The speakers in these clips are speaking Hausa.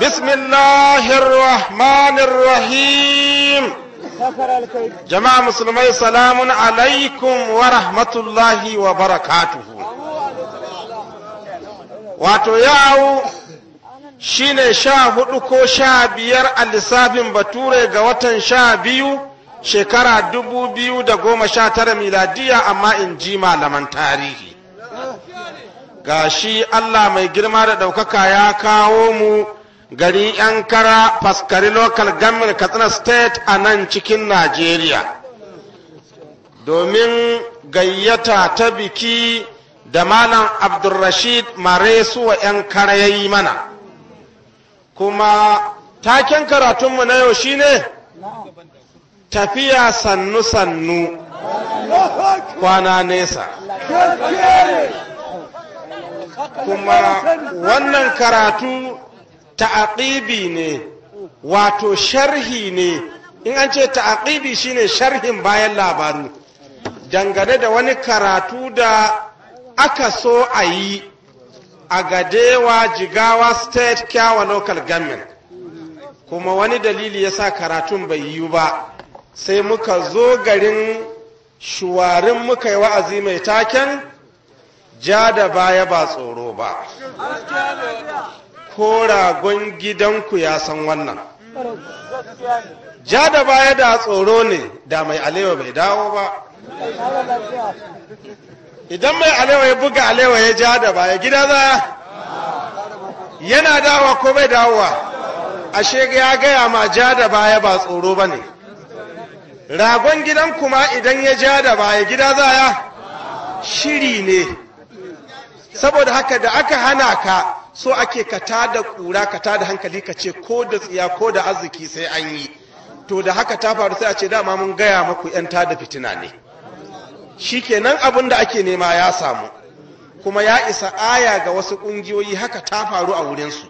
بسم الله الرحمن الرحيم جماعة مسلمي سلام عليكم ورحمة الله وبركاته wato yau shine sha hudu ko sha biyar a lissafin bature ga watan sha biyu shekara dubu biyu da goma sha tara miladiya amma in ji malaman tarihi Ga shi Allah mai girma da ɗaukaka ya kawo mu gari kara faskari local government katsina state a nan cikin Najeriya. Domin gayyata ta biki da Malam Abdulrashid Maresuwa ‘yankara ya yi mana. Kuma taken karatunmu na yau shi ne? tafiya sannu-sannu kwana nesa. kuma wannan karatu ta'aqibi ne wato sharhi ne in an ce ta'aqibi shine sharhin bayan labaru dangane da wani karatu da aka so a yi a gadewa jigawa state kyawa local government kuma wani dalili ya sa karatun bai yiwu ba sai muka zo garin shuwarin muka yi wa'azi mai taken ja da baya ba tsoro ba ko ragon gidanku ya san wannan ja da baya da tsoro ne da mai alewa bai dawo ba idan mai alewa ya buga alewa ya ja da baya gida za yana dawa ko bai dawowa ashe ya gaya ma ja da baya ba tsoro ba ne ragon gidan kuma idan ya ja da baya gida za ya shiri ne saboda haka da aka hana ka so ake ka da ƙura, ka da hankali ka ce ko da tsiya ko da arziki sai an yi to da haka ta faru sai a ce dama mun gaya maku yan tada fitina ne Shi shikenan abin da ake nema ya samu kuma ya isa aya ga wasu ƙungiyoyi haka ta faru a wurinsu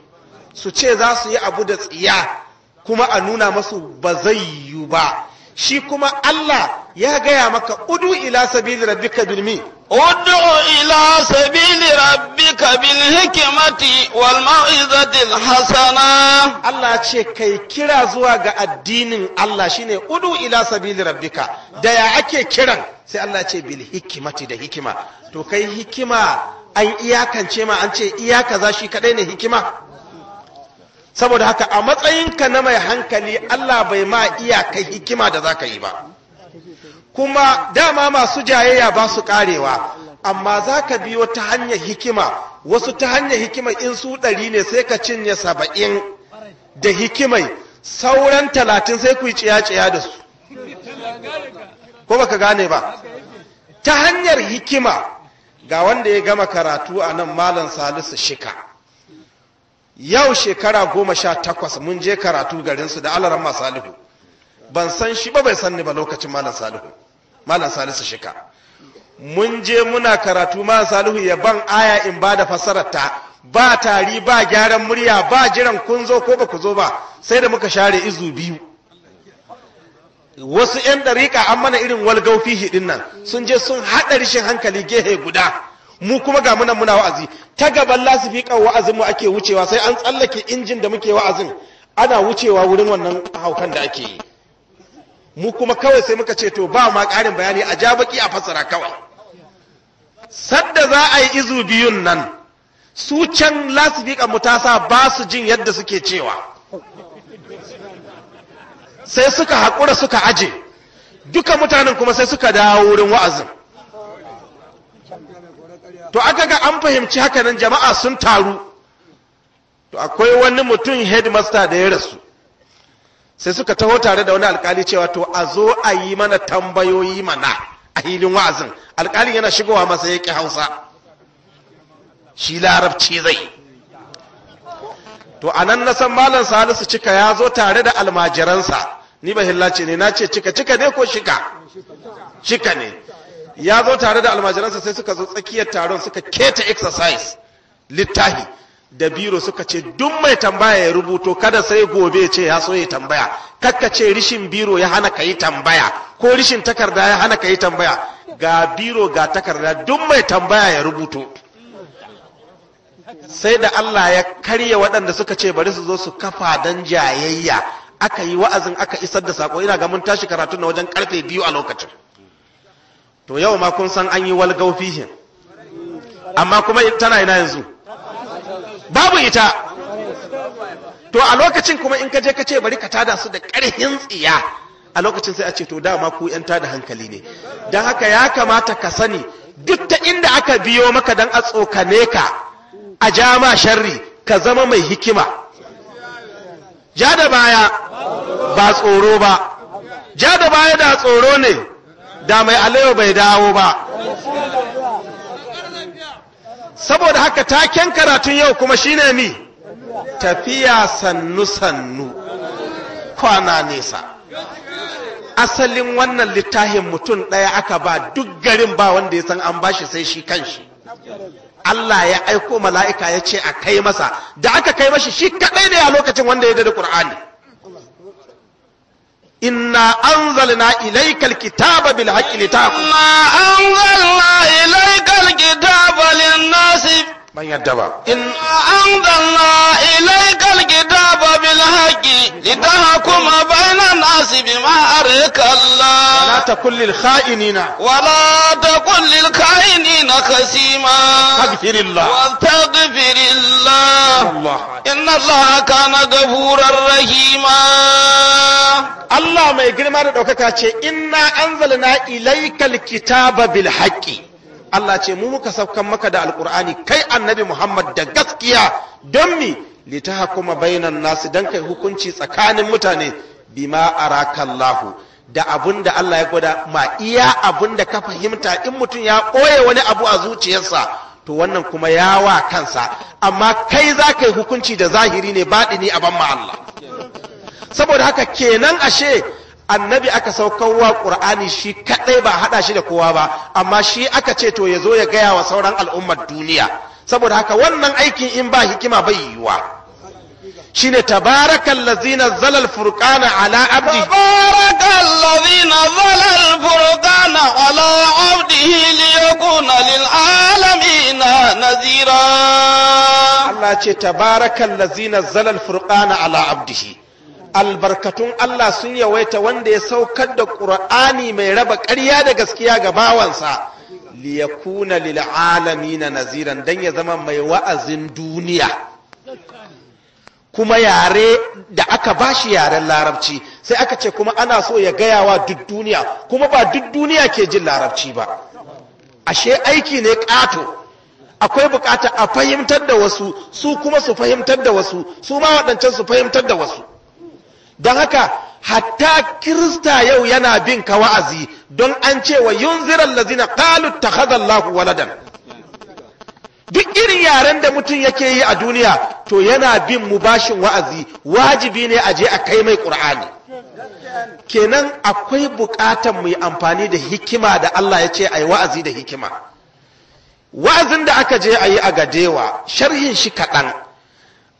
su ce za su yi abu da tsiya kuma a nuna masu ba zai yiwu ba shi kuma Allah ya gaya maka udu ila sabili rabbika bil mi udu ila sabili rabbika bil hikmati wal mau'izati hasana Allah ce kai kira zuwa ga addinin Allah shine udu ila sabili rabbika da ya ake kiran sai Allah ce bil hikmati da hikima to kai hikima an iyakance ma an ce iyaka za shi kadai ne hikima saboda haka a matsayinka na mai hankali Allah bai ma iya kai hikima da za ka yi ba kuma dama masu jayayya ba su karewa amma za ka biyo ta hanyar hikima wasu ta hanyar hikima in su ɗari ne sai ka cinye saba'in da hikimai sauran talatin sai ku yi ciya-ciya da su ko baka gane ba ta hanyar hikima ga wanda ya gama karatu a nan malam salisu shika yau shekara goma sha takwas mun je karatu garinsu da alaran salihu ban san shi ba bai san ni ba lokacin malam salihu malam salisu shika mun je muna karatu malam salihu ya ban aya in ba da fasararta ba tari ba gyaran murya ba jiran kun zo ko ba ku zo ba sai da muka share izu biyu wasu 'yan dariƙa an mana irin walgaufi hidin nan sun je sun haɗa rishin hankali gehe guda mu kuma ga muna muna wa'azi ta gaban lasifikan wa'azin mu ake wucewa sai an tsallake injin da muke wa'azin ana wucewa wurin wannan haukan da ake yi mu kuma kawai sai muka ce to ba ma ƙarin bayani a ja baki a fassara kawai sadda za a yi izu biyun nan su can lasifikan mu ta sa ba su jin yadda suke cewa sai suka haƙura suka aje duka mutanen kuma sai suka dawo wurin wa'azin to aka ga an fahimci haka nan jama'a sun taru to akwai wani mutum headmaster da ya rasu sai suka taho tare da wani alkali cewa to a zo a yi mana tambayoyi mana a hilin wa'azin alkalin yana shigowa masa ya ƙi hausa shi larabci zai to a nan na san malam salisu cika ya zo tare da almajiransa ni ba hillace ne na ce cika cika ne ko shika shika ne ya zo tare da almajiransa sai suka zo tsakiyar taron suka keta exercise littafi da biro suka ce duk mai tambaya ya rubuto kada sai gobe ce ya so ya tambaya kakka ce rishin biro ya hana ka yi tambaya ko rishin takarda ya hana ka yi tambaya ga biro ga takarda duk mai tambaya ya rubuto sai da Allah ya karya waɗanda suka ce bari su zo su kafa don jayayya aka yi wa'azin aka isar da sako ina ga mun tashi karatu na wajen karfe biyu a lokacin to yau ma kun san an yi walgau fihin amma kuma tana ina yanzu babu ita to a lokacin kuma in ka je ka bari ka tada su da ƙarhin tsiya a lokacin sai a ce to dama ku yan tada hankali ne don haka ya kamata ka sani duk ta inda aka biyo maka don a tsokane ka a jama sharri ka zama mai hikima ja da baya ba tsoro ba ja da baya da tsoro ne da mai alayo bai dawo ba saboda haka taken karatun yau kuma shine ni, tafiya sannu sannu kwana nesa asalin wannan littafin mutum ɗaya aka ba duk garin ba wanda ya san an bashi sai shi kan shi. Allah ya aiko mala'ika ya ce a kai masa da aka kai mashi shi kaɗai ne a lokacin wanda ya da Qur'ani. إنا أنزلنا إليك الكتاب بالحق لتحكم إنا أنزلنا إليك الكتاب للناس من يدبر إنا أنزلنا إليك الكتاب الكتاب بالحق لتحكم بين الناس بما أريك الله ولا تكن للخائنين ولا تكن للخائنين خصيما واستغفر الله واستغفر الله, الله إن الله كان غفورا رحيما الله ما يجرم ɗaukaka ce inna anzalna ilaikal kitaba bil haqqi Allah ce mu muka saukan maka da alqur'ani kai annabi Muhammad da gaskiya don mi litahkuma bainan nasi dan kai hukunci tsakanin mutane bima arakallahu da abun da Allah ya gwada ma iya abun da ka fahimta in mutum ya ɓoye wani abu a zuciyarsa to wannan kuma ya wa kansa amma kai za ka yi hukunci da zahiri ne ni a ban ma Allah saboda haka kenan ashe annabi aka saukarwa ƙur'ani shi kaɗai ba haɗa shi da kowa ba amma shi aka ce to ya zo ya gaya wa sauran al'ummar duniya saboda haka wannan aikin in ba hikima bai yiwuwa shine tabarakal ladzi nazzala al furqana ala abdi tabarakal ladzi nazzala al furqana ala abdihi liyakuna lil alamin nadhira Allah ce tabarakal ladzi nazzala al furqana ala abdihi albarkatun Allah sun yawaita wanda ya saukar da Qur'ani mai raba ƙarya da gaskiya ga bawansa liyakuna lil alamin naziran dan ya zama mai wa'azin duniya kuma yare da aka bashi yaren larabci sai aka ce kuma ana so ya gaya wa duk duniya kuma ba duk duniya ke jin larabci ba ashe aiki ne kato akwai bukata a fahimtar da wasu su kuma su fahimtar da wasu su ma waɗancan su fahimtar da wasu don haka hatta kirista yau yana bin ka wa'azi don an ce wa yunzirar lazina ta takhadha lahu waladan duk irin yaren da mutum yake yi a duniya to yana bin mu bashin wa'azi wajibi ne a je a kai mai ƙur'ani kenan akwai buƙatar mu yi amfani da hikima da Allah ya ce a yi wa'azi da hikima wa'azin da aka je a yi a gadewa sharhin shi kaɗan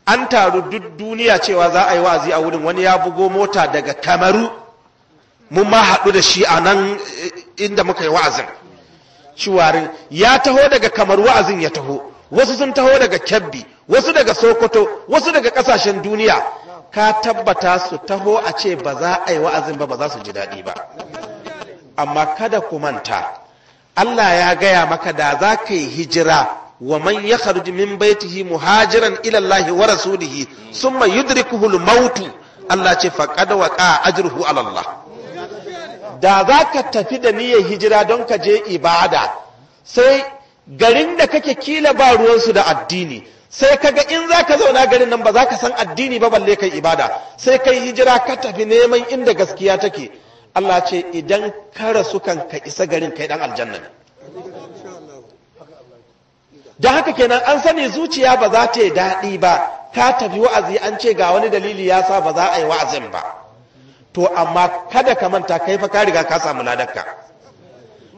an taru duk duniya cewa za a yi wa'azi a wurin wani ya bugo mota daga kamaru mun ma haɗu da shi a nan eh, inda muka yi wa'azin ciwarin ya taho daga kamar wa'azin ya taho wasu sun taho daga kebbi wasu daga sokoto wasu daga kasashen duniya ka tabbata su taho a ce ba za a yi wa'azin ba ba za su ji daɗi ba amma kada ku manta Allah ya gaya maka da za ka yi hijira wa man ya kharji min baitihi muhajiran ila Allah wa rasulihi summa yudrikuhu al Allah ce qad waqa ajruhu ala Allah da za ka tafi da niyyar hijira don ka je ibada sai garin da kake kila ba ruwansu da addini sai kaga in za ka zauna garin nan ba za ka san addini ba balle kai ibada sai kai hijira ka tafi neman inda gaskiya take Allah ce idan ka rasu kan ka isa garin kai dan aljanna ne haka kenan an sani zuciya ba za ta yi daɗi ba ka tafi wa'azi an ce ga wani dalili ya sa ba za a yi wa'azin ba to amma kada ka manta kai fa ka riga ka samu ladarka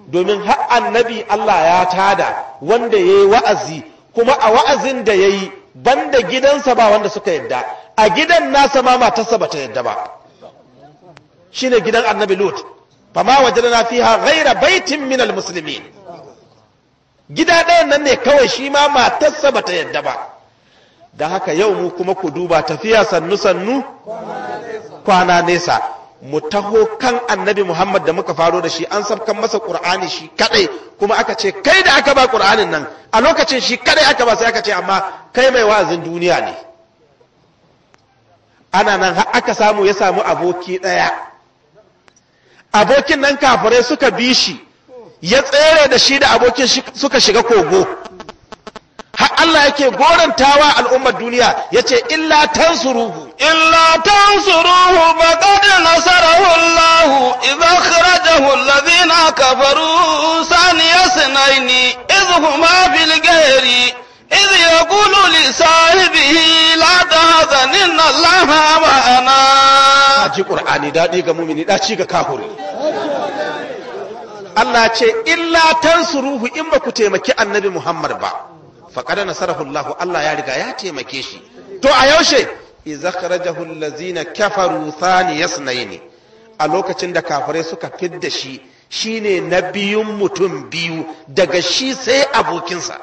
domin har annabi Allah ya tada wanda ya yi wa'azi kuma a wa'azin da ya yi ban da gidansa ba wanda suka yadda a gidan nasa ma matarsa ba ta yadda ba shi ne gidan annabi lut waje wajen na fiha ghaira baitin minal musulmi gida ɗayan nan ne kawai shi ma matarsa ba ta yadda ba da haka yau mu kuma ku duba tafiya sannu sannu kwana nesa mu taho kan annabi Muhammad da muka faro da shi an sabkan masa Qur'ani shi kadai kuma aka ce kai da aka ba Qur'anin nan a lokacin shi kadai aka ba sai aka ce amma kai mai wa'azin duniya ne ana nan aka samu ya samu aboki daya abokin nan kafirai suka bi shi ya tsere da shi da abokin suka shiga kogo har Allah yake gorantawa al'ummar duniya yace illa tansuruhu illa tansuruhu faqad nasarahu Allah idha akhrajahu alladhina kafaru saniya sanaini idhuma bil ghairi zanin na لصاحبه لا ana إن qur'ani معنا ga قرآني da كمؤمني ga كافري Allah ce illa tansuruhu in ba ku taimaki annabi Muhammad ba faqad nasarahu Allah Allah ya riga ya taimake shi to a yaushe idza kharajahu allazina kafaru thaniyasnayn a lokacin da kafirai suka fidda shi shine na biyun mutum biyu daga shi sai abokinsa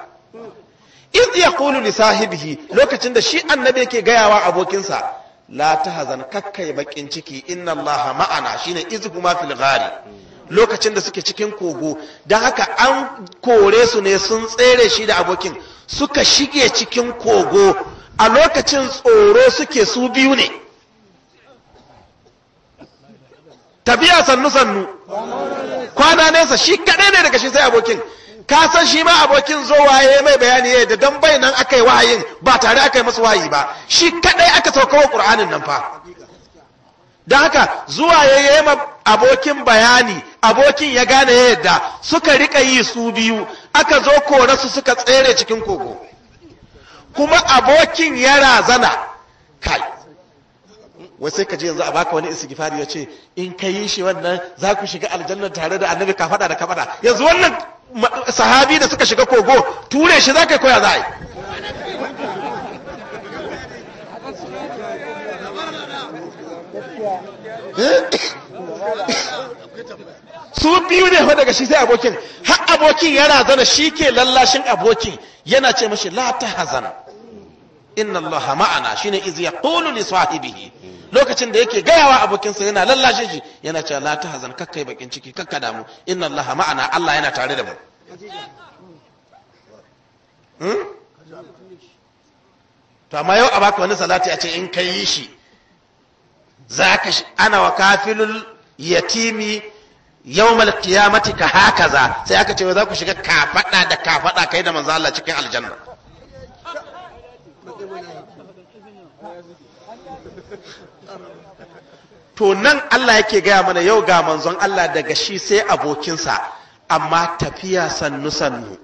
iz yaqulu li sahibihi lokacin da shi annabi yake gayawa abokinsa la tahzan kakkai bakin ciki inna allaha ma'ana shine iz huma fil ghari lokacin da suke cikin kogo don haka an kore su ne sun tsere shi da abokin suka shige cikin kogo a lokacin tsoro suke su biyu ne tafiya sannu-sannu kwana nesa shi kaɗai ne daga shi sai abokin ka san shi ma abokin zo waye mai bayani da dan bai nan aka yi wahayin ba tare aka yi masu wahayi ba shi kaɗai aka sauka wa ƙur'anin nan fa don haka zuwa ya ma abokin bayani abokin ya gane ya yadda suka rika yi su biyu aka zo kore su suka tsere cikin kogo kuma abokin ya razana kai wai sai ka je yanzu a baka wani istighfari ya ce in ka yi shi wannan za ku shiga aljanna tare da annabi ka faɗa da ka faɗa yanzu wannan sahabi da suka shiga kogo ture shi za ka koya za a eh? su biyu ne fa daga shi sai abokin har abokin yana zana shi ke lallashin abokin yana ce mashi la ta hazana inna Allah ma'ana shine iz yaqulu li sahibihi lokacin da yake gayawa abokinsa yana lallashe shi yana ce la ta hazan kakkai bakin ciki kakka damu inna Allah ma'ana Allah yana tare da mu hmm? to amma yau a baka wani salati a ce in ka yi shi za ka ana wa kafilul yatimi Yau yawmal kiyamati ka za sai aka ce za ku shiga kafada da kafada kai da manzo Allah cikin aljanna to nan Allah yake gaya mana yau ga manzon Allah daga shi sai abokinsa amma tafiya sannu sannu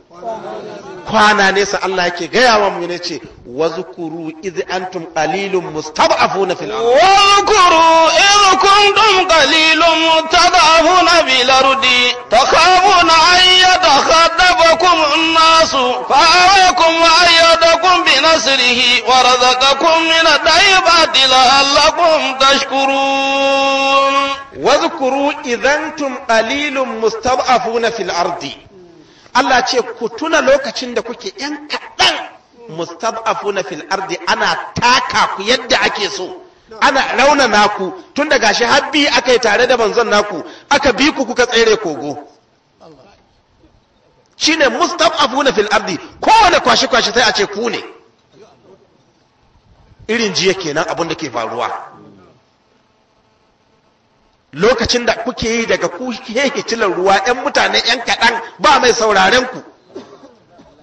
kwana nesa Allah yake gaya wa mu ne ce wazkuru idh antum qalilun mustad'afuna fil ardh wazkuru idh kuntum qalilun mustad'afuna fil ardh takhafuna an yatakhadabakum an-nas fa'awakum wa ayyadakum bi nasrihi wa razaqakum min at-tayyibati la'allakum tashkurun wazkuru idh antum qalilun mustad'afuna fil ardh Allah ce ku tuna lokacin da kuke ‘yan kaɗan mustad'afuna fil ardi ana taka ku yadda ake so ana rauna naku tun da gashi habbi aka yi tare da manzon naku aka bi ku kuka tsere kogo shine mustad'afuna fil ardi kowane kwashe-kwashe sai a ce ku ne irin jiya kenan abin da ke faruwa lokacin da kuke yi daga kuke keke ruwa yan mutane yan kaɗan ba mai sauraren ku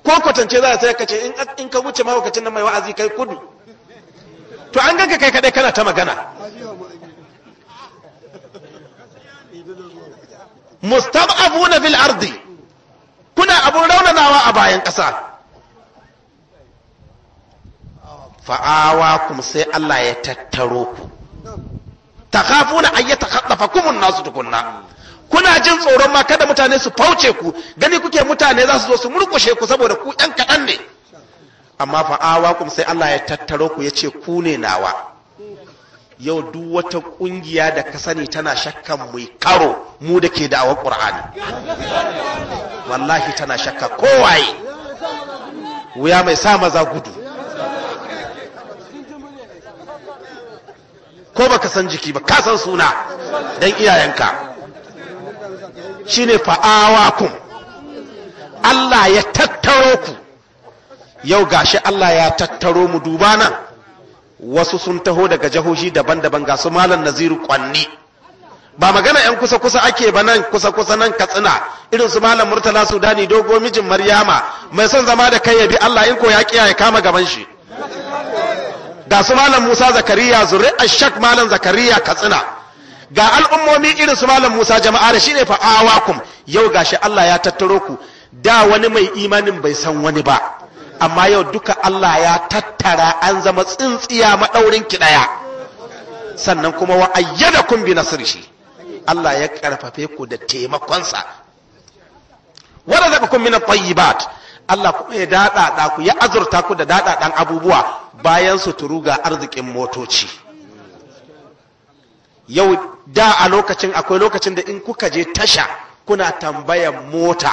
ko kwatance za a sai ka ce in ka wuce mahaukacin nan mai wa'azi kai kudu to an ganka kai kaɗai kana ta magana mustab'abuna bil ardi kuna abun raunanawa a bayan ƙasa fa'awa kuma sai Allah ya tattaro ku takhafuna ayyata khattafakum kumun nasu tukunna kuna jin tsoron ma kada mutane su fauce ku gani kuke mutane za su zo su murkushe ku saboda ku ɗan kaɗan ne amma fa'awa kuma sai Allah ya tattaro ku ya ce ku ne nawa yau duk wata ƙungiya da ka sani tana shakkan mu karo mu da ke da'awar ƙur'ani wallahi tana shakka kowaye wuya mai sa maza gudu ko baka san jiki ba ka san suna dan iyayenka shine fa'awakum Allah ya tattaro ku yau gashi Allah ya tattaro mu duba nan wasu sun taho daga jahohi daban-daban ga su malam naziru kwanni ba magana yan kusa-kusa ake ba nan kusa-kusa nan katsina irin su malam murtala sudani dogo mijin maryama mai son zama da kai ya bi Allah in ko ya kiya ya kama gaban shi ga su malam musa zakariya zuri'ar ashak malam zakariya katsina ga al'ummomi irin su malam musa jama'a da shine fa awakum yau gashi allah ya tattaro ku da wani mai imanin bai san wani ba amma yau duka allah ya tattara an zama tsintsiya maɗaurin ki ɗaya sannan kuma wa ayyada kun bi nasirshi allah ya karfafe ku da taimakonsa wadda zaka kun min tayyibat Allah kuma ya daɗaɗa ku ya azurta ku da daɗaɗan abubuwa bayan suturu ga arzikin motoci yau da a lokacin akwai lokacin da in kuka je tasha kuna tambayan mota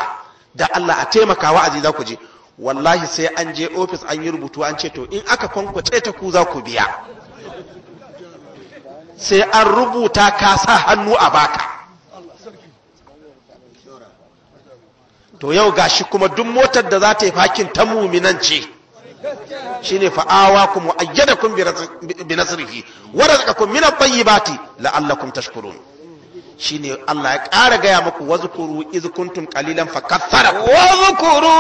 da Allah a taimaka wa'azi za ku je wallahi sai an je ofis an yi rubutu an ce to in aka kwankwace ta ku za ku biya sai an rubuta ka sa hannu a baka to yau gashi kuma duk motar da za ta yi fakin ta muminan ce shine fa'awa ku kun bi nasrihi wa razaqakum min at-tayyibati la'allakum tashkurun shine Allah ya ƙara gaya muku wazkuru iz kuntum qalilan fakatharakum wazkuru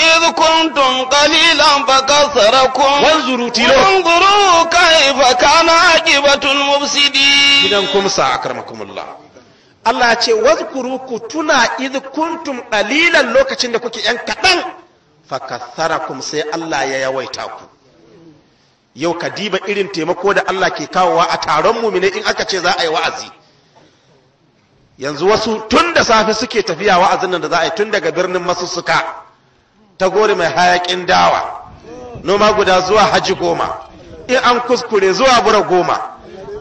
iz kuntum qalilan fakatharakum wanzuru tilo wanzuru kayfa kana aqibatul mufsidin idan kum sa akramakumullah Allah ya ce wazkuru ku tuna iz kuntum qalilan lokacin da kuke yan kadan fakatharakum sai Allah ya yawaita ku yau ka diba irin taimako da Allah ke kawowa a taron mumine in aka ce za a yi wa'azi yanzu wasu tun da safe suke tafiya wa'azin nan da za a yi tun daga birnin masussuka ta gori mai hayakin dawa noma guda zuwa haji goma in an kuskure zuwa bura goma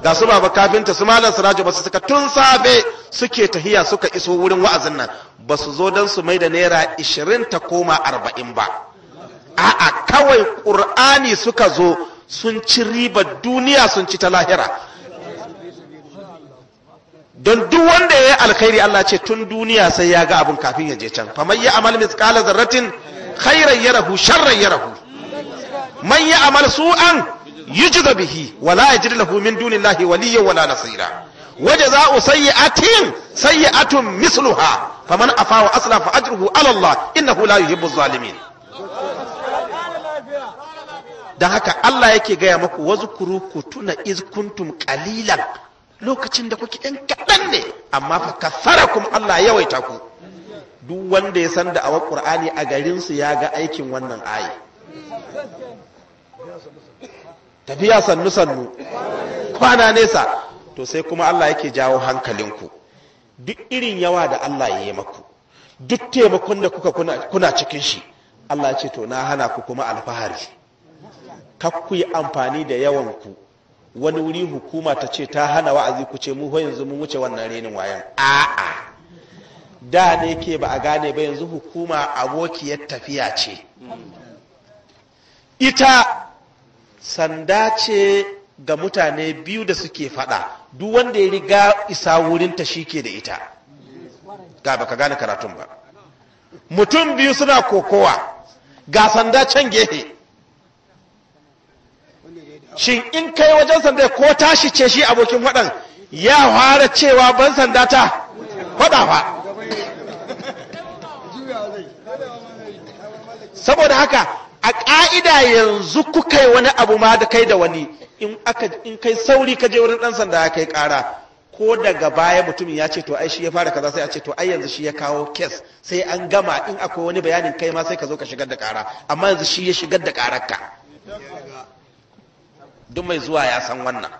ga su baba kafinta su malam sirajo ba su suka tun safe suke tahiya suka iso wurin wa'azin nan ba su zo don su mai da naira ishirin ta koma arba'in ba a'a kawai ƙur'ani suka zo sun ci riba duniya sun ci ta lahira don duk wanda ya yi alkhairi Allah ce tun duniya sai ya ga abin kafin ya je can faman ya amal mithqala zarratin khairan yarahu sharran yarahu man ya amal su'an yujza bihi wala yajid lahu min dunillahi waliyyan wala nasira وجزاء misluha kaman مثلها asla fa وأصلح فأجره على الله إنه لا يحب الظالمين dan haka Allah yake gaya maku wazkuru ku tuna iz kuntum qalilan lokacin da kuke ɗan kaɗan ne amma fa kasarakum Allah yawaita ku duk wanda ya san da awar Qur'ani a garin su ya ga aikin wannan ayi tafiya sannu sannu kwana nesa to sai kuma Allah yake jawo hankalinku duk irin yawa da Allah ya yi maku duk taimakon da kuka kuna, cikin shi Allah ce to na hana ku kuma alfahari kak yi amfani da yawan ku wani wuri hukuma ta ce ta hana wa'azi ku ce mu yanzu mu wuce wannan renin wayan a'a da ne ke ba a gane ba yanzu hukuma abokiyar tafiya ce ita sanda ce ga mutane biyu da suke faɗa duk wanda ya riga isa wurinta shi ke da ita ga baka gane karatun ba mutum biyu suna kokowa ga sanda can gehe shin in kai wajen sanda ko tashi ce shi abokin faɗan ya fara cewa ban sanda ta faɗawa? fa saboda haka a ƙa'ida yanzu ku kai wani abu ma da kai da wani in kai sauri ka je wurin ɗan sanda ya kai ƙara ko daga baya mutumin ya ce to ai shi ya fara kaza sai a ce to ai yanzu shi ya kawo kes sai an gama in akwai wani bayanin kai ma sai ka zo ka shigar da ƙara amma yanzu shi ya shigar da ka duk mai zuwa ya san wannan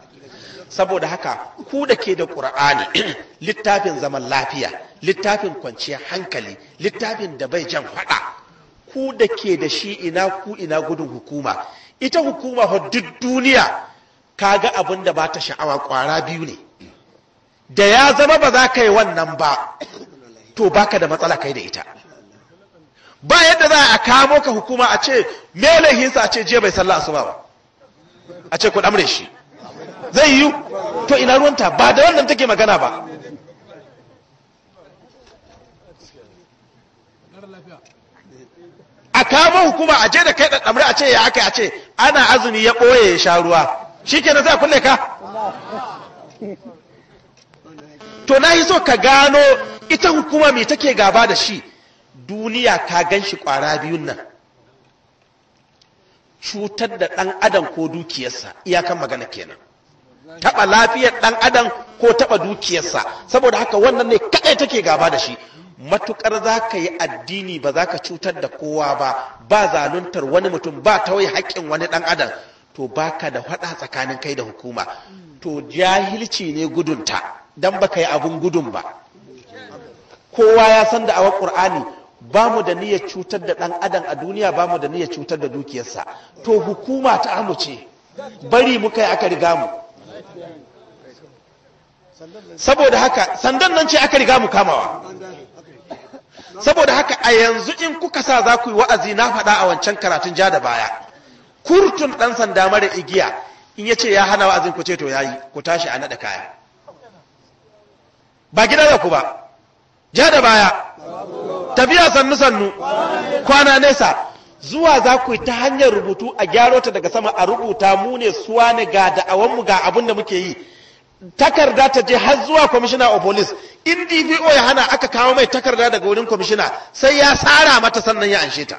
saboda haka ku da ke da ƙur'ani littafin zaman lafiya littafin kwanciyar hankali littafin da bai jan faɗa ku da ke da shi ina ku ina gudun hukuma ita hukuma fa duk duniya kaga abin da ba ta sha'awa kwara biyu ne da ya zama ba za ka yi wannan ba to baka da matsala kai da ita ba yadda za a kamo ka hukuma a ce melehinsa a ce je bai sallah asuba ba a ce ku damre shi zai yi to ina ruwanta ba da wannan take magana ba Ka ma hukuma a je da kai ɗaɗɗamri a ce ya aka ce ana azumi ya ɓoye ya sha ruwa shi ke za a kulle ka to na yi so ka gano ita hukuma mai take gaba da shi duniya ka gan shi ƙwara biyun nan cutar da ɗan adam ko dukiyarsa iyakan magana kenan taɓa lafiyar ɗan adam ko taɓa dukiyarsa saboda haka wannan ne kaɗai take gaba da shi matukar za ka yi addini ba za ka cutar da kowa ba ba zaluntar wani mutum ba ta wai haƙƙin wani ɗan adam to baka da faɗa tsakanin kai da hukuma to jahilci ne gudunta don baka yi abun gudun ba kowa ya san da awar ƙur'ani ba mu da niyyar cutar da ɗan adam a duniya ba mu da niyyar cutar da dukiyarsa to hukuma ta amuce, bari muka yi aka riga mu saboda haka sandan nan ce aka riga mu kamawa saboda haka a yanzu in kuka sa za ku yi wa'azi na faɗa a wancan karatun ja da baya kurtun ɗan sanda mara igiya in ya ce ya hana wa'azin ku ce to yayi ku tashi a naɗa kaya ba gida da ku ba ja da baya tafiya sannu sannu kwana nesa zuwa za ku yi ta hanyar rubutu a gyaro ta daga sama a rubuta mu ne suwa ne ga da'awanmu ga abin da muke yi takarda ta je har zuwa kwamishina of police in dvo ya hana aka kawo mai takarda daga wurin kwamishina sai ya tsara mata sannan ya anshe ta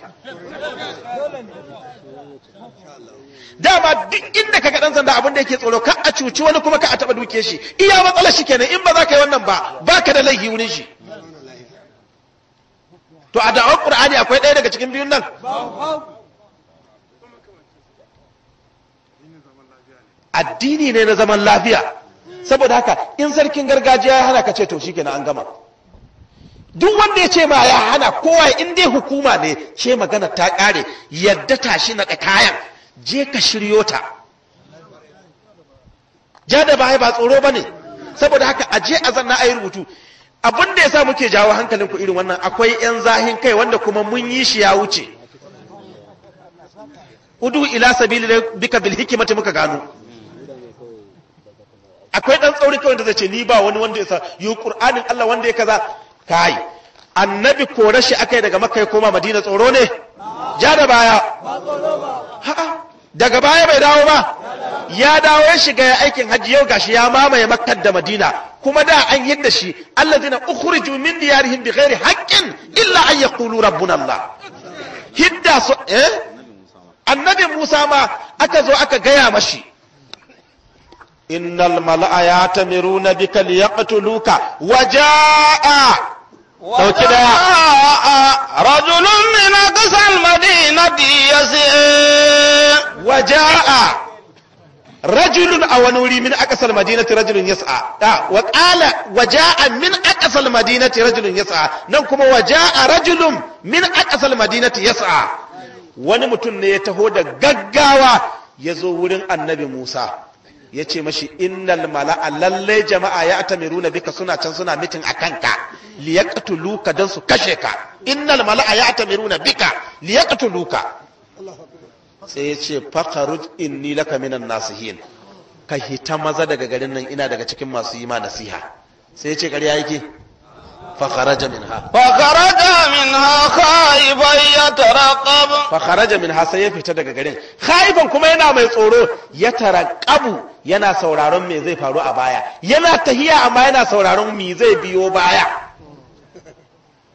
dama duk inda ka dan sanda abin da yake tsoro ka a cuci wani kuma ka a taba duke shi iya matsalar shi kenan in ba za ka yi wannan ba ba ka da laifi wurin shi to a da'awar qur'ani akwai ɗaya daga cikin biyun nan addini ne na zaman lafiya saboda haka in sarkin gargajiya ya hana ka ce to shi shikenan an gama duk wanda ya ce ma ya hana kowa in dai hukuma ne ce magana ta kare yadda tashi na kayan je ka shiryo ta ja da ba ba tsoro ba ne, saboda haka a je a zanna a yi rubutu abin da ya sa muke jawo hankalin ku irin wannan akwai yan zahin kai wanda kuma mun yi shi ya wuce udu ila sabili bika bil hikimati muka gano akwai dan tsauri kawai da zai ce ni ba wani wanda ya sa yi qur'anin Allah wanda ya kaza kai annabi ko shi akai daga makka koma madina tsoro ne ja da baya daga baya bai dawo ba ya dawo ya shiga ya aikin hajji yau gashi ya mamaye makar da madina kuma da an yadda shi zina ukhriju min diyarihim bighairi haqqin illa an yaqulu rabbuna allah hidda so eh annabi musa ma aka zo aka gaya mashi innal mala'a ya tamiruna bika liyaqtuluka waja'a dauki daya rajulun min aqsal madinati yasi waja'a rajulun a wani wuri min aqsal madinati rajulun ya sa'a. da wa qala waja'a min aqsal madinati rajulun ya sa'a nan kuma waja'a rajulun min aqsal madinati sa'a. wani mutum ne ya taho da gaggawa ya zo wurin annabi Musa ya ce mashi innal mala'a lallai jama'a ya atamiruna bika suna can suna mitin a kanka liyaqtuluka dan su kashe ka innal mala'a ya atamiruna bika liyaqtuluka sai ya ce faqaruj inni laka minan nasihin ka hita maza daga garin nan ina daga cikin masu yi ma nasiha sai ya ce ƙarya yake فخرج منها فخرج منها خائبا يترقب فخرج منها sai ya fita daga garin khaiban kuma yana mai tsoro yataraqabu yana sauraron me zai faru a baya yana tahiya amma yana sauraron me zai biyo baya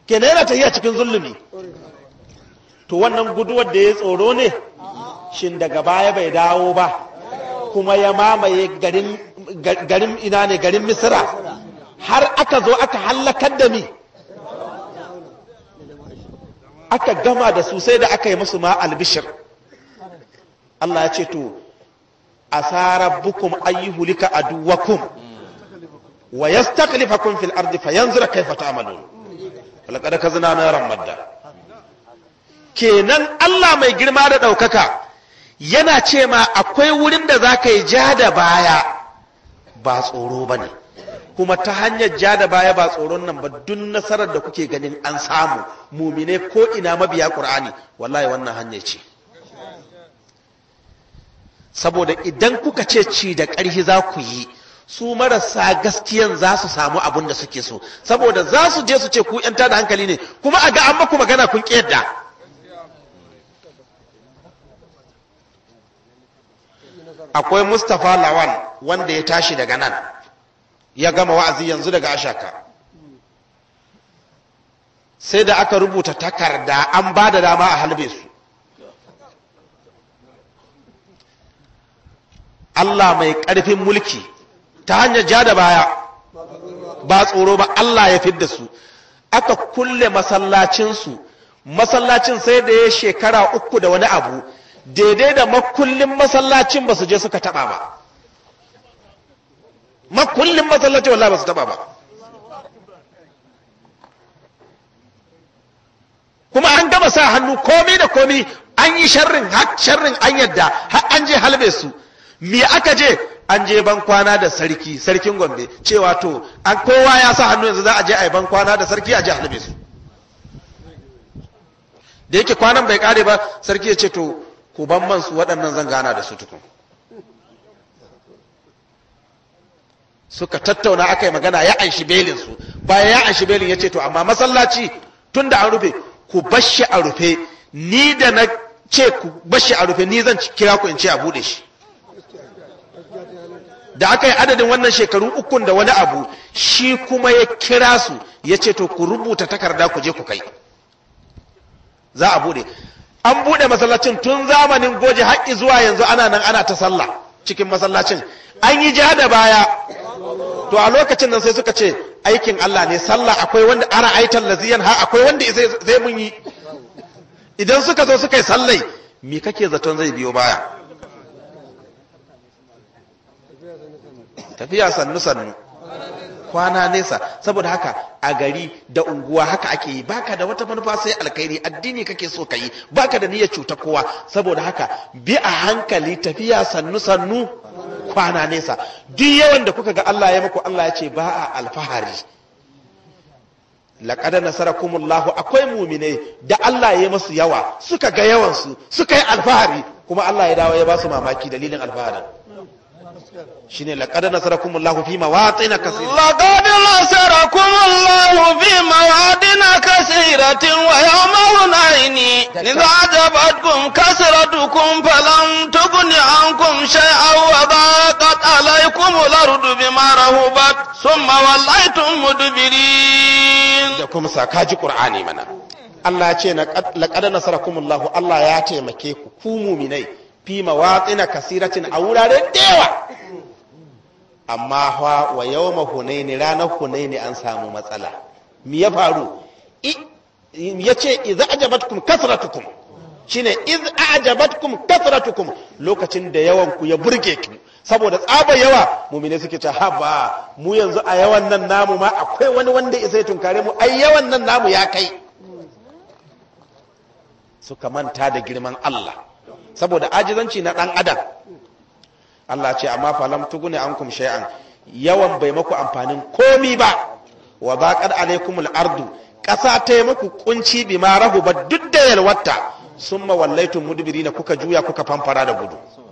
kenan yana tahiya cikin zulumi to wannan guduwar da ya tsoro ne shin daga baya bai dawo ba kuma ya mamaye garin garin ina ne garin misra har aka zo aka hallakar da mi aka gama da su sai da aka yi musu ma albishir Allah ya ce to asarar bukum ayyuhulika aduwakum wa yastaklifakum fil ardi fayanzura kaifa ta'malun laqad kazna naran madda kenan Allah mai girma da daukaka yana ce ma akwai wurin da zaka yi ja da baya ba tsoro bane kuma ta hanyar ja da baya ba tsoron nan ba duk nasarar da kuke ganin an samu mumine ko ina mabiya qur'ani wallahi wannan hanya ce saboda idan kuka ce ci da ƙarfi za ku yi su marasa gaskiyan za su samu abun da suke so saboda za su je su ce ku yan da hankali ne kuma a ga an maku magana kun ƙiyarda akwai mustapha lawan wanda ya tashi daga nan ya gama wa'azi yanzu daga ashaka sai da aka rubuta takarda an ba da dama a halbe su Allah mai ƙarfin mulki ta hanyar ja da baya ba tsoro ba Allah ya fidda su aka kulle masallacinsu masallacin sai da ya shekara uku da wani abu daidai da makullin masallacin ba su je suka taɓa ba Makullin kullum masallaci wallahi ba su taba ba kuma an gama sa hannu komi da komi an yi sharrin har sharrin an yadda har an je halbe su me aka je an je ban kwana da sarki sarkin gombe cewa to an kowa ya sa hannu yanzu za a je a yi ban kwana da sarki a je halbe su da yake kwanan bai kare ba sarki ya ce to ku ban man su waɗannan zan gana da su tukun suka tattauna aka yi magana ya anshi belin su bayan ya anshi belin ya ce to amma masallaci tun da an rufe ku bashi a rufe ni da na ce ku bashi a rufe ni zan kira ku in ce a bude shi da aka yi adadin wannan shekaru ukun da wani abu shi kuma ya kira su ya ce to ku rubuta takarda ku je ku kai za a bude an bude masallacin tun zamanin goje haƙƙi zuwa yanzu ana nan ana ta sallah cikin masallacin an yi ja da baya to a lokacin nan sai suka ce aikin Allah ne sallah akwai wanda ara aitan laziyan ha akwai wanda zai mun yi idan suka zo suka yi sallai me kake zaton zai biyo baya tafiya sannu sannu kwana nesa saboda haka a gari da unguwa haka ake yi baka da wata manufa sai alkhairi addini kake so ka yi baka da niyyar cuta kowa saboda haka bi a hankali tafiya sannu sannu na nesa duk yawan da kuka ga Allah ya muku Allah ya ce ba a alfahari laƙada nasarakumullahu akwai muminai da Allah ya masu yawa suka ga yawansu suka yi alfahari kuma Allah ya dawo ya ba su mamaki dalilin alfaharin shine laƙada nasarakumullahu fi mawaɗina kasira laƙada nasarakumullahu fi mawaɗina kasiratin wa yawma hunaini idza ajabatkum kasratukum fala والأرض بما رهبت ثم وليتم مدبرين لكم ساكاجي قرآني منا الله يتي لقد نصركم الله الله ياتي مكيكو كومو مني في مواطن كثيرة أولا رديوة أما هو ويوم هنين رانا هنين أنسامو مسألة ميا yace idza ajabatkum kasratukum shine iz a'jabatkum kasratukum lokacin da yawan ku ya burge ku saboda tsaba yawa mumine suke ce haba mu yanzu a yawan nan namu ma akwai wani wanda isa ya tunkare mu ai yawan nan namu ya kai suka manta da girman Allah saboda ajizanci na dan adam Allah ce amma falam tuguni ankum shay'an yawan bai maku amfanin komi ba wa zaqad alaykumul ardu kasa ta yi maku kunci bi ma rahu ba duk da yalwata summa wallaitum mudbirina kuka juya kuka fanfara da gudu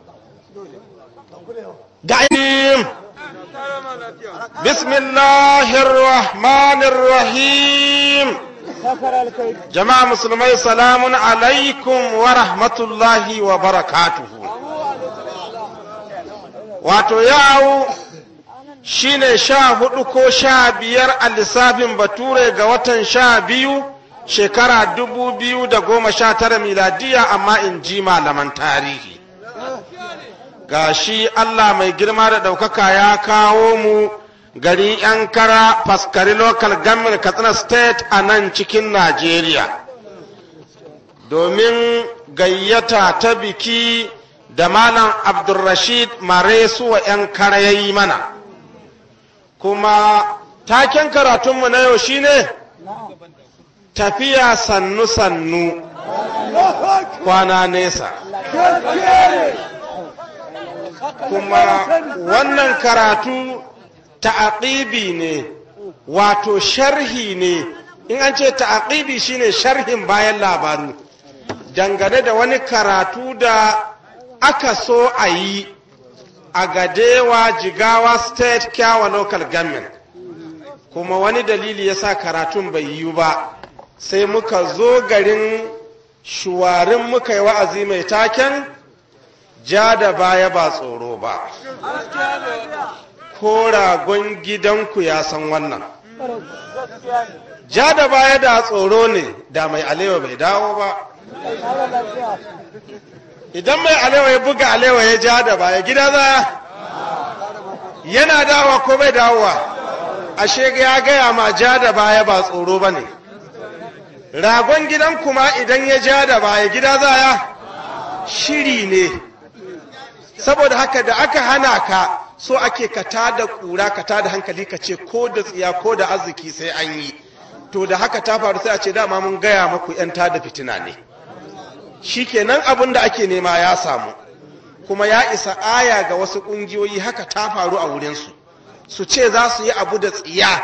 قايم بسم الله الرحمن الرحيم جماعة مسلمي wa عليكم ورحمة الله wato yau shine sha hudu ko sha biyar a lissafin bature ga watan sha biyu shekara dubu biyu da goma sha tara miladiya amma in ji malaman tarihi ga shi Allah mai girma da ɗaukaka ya kawo mu gari ‘yan kara faskari local government katsina state a nan cikin Najeriya. Domin gayyata ta biki da Malam Abdulrashid Maresuwa ‘yan kara ya yi mana. Kuma taken karatunmu na yau shine tafiya sannu-sannu kwana nesa. kuma wannan karatu ta'aqibi ne wato sharhi ne in an ce ta'aqibi shine sharhin bayan labaru dangane da wani karatu da aka so a yi a gadewa jigawa state kyawa local government kuma wani dalili ya sa karatun bai yiwu ba sai muka zo garin shuwarin muka yi wa'azi mai taken ja da baya ba tsoro ba ko ragon gidanku ya san wannan ja da baya da tsoro ne da mai alewa bai dawo ba idan mai alewa ya buga alewa ya ja da baya gida za yana dawa ko bai dawowa ashe ya gaya ma ja da baya ba tsoro ba ne ragon gidan kuma idan ya ja da baya gida za ya shiri ne saboda haka da aka hana ka so ake ka da ƙura, ka da hankali ka ce ko da tsiya ko da arziki sai an yi to da haka ta faru sai a ce dama mun gaya maku yan da fitina ne Shi shikenan abin da ake nema ya samu kuma ya isa aya ga wasu ƙungiyoyi haka ta faru a wurinsu su ce za su yi abu da tsiya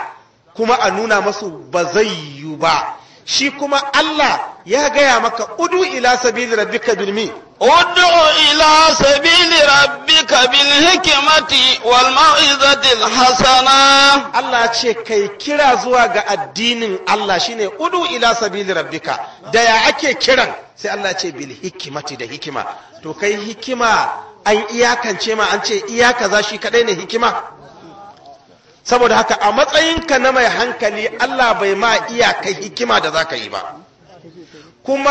kuma a nuna masu ba zai yiwu ba shi kuma Allah ya gaya maka udu ila sabili rabbika bil mi udu ila sabili rabbika bil hikmati wal mau'izati al hasana Allah ce kai kira zuwa ga addinin Allah shine udu ila sabili rabbika da ya ake kiran sai Allah ce bil hikmati da hikima to kai hikima an iyakance ma an ce iya kaza shi kadai ne hikima saboda haka a matsayinka na mai hankali Allah bai ma kai hikima da zaka yi ba kuma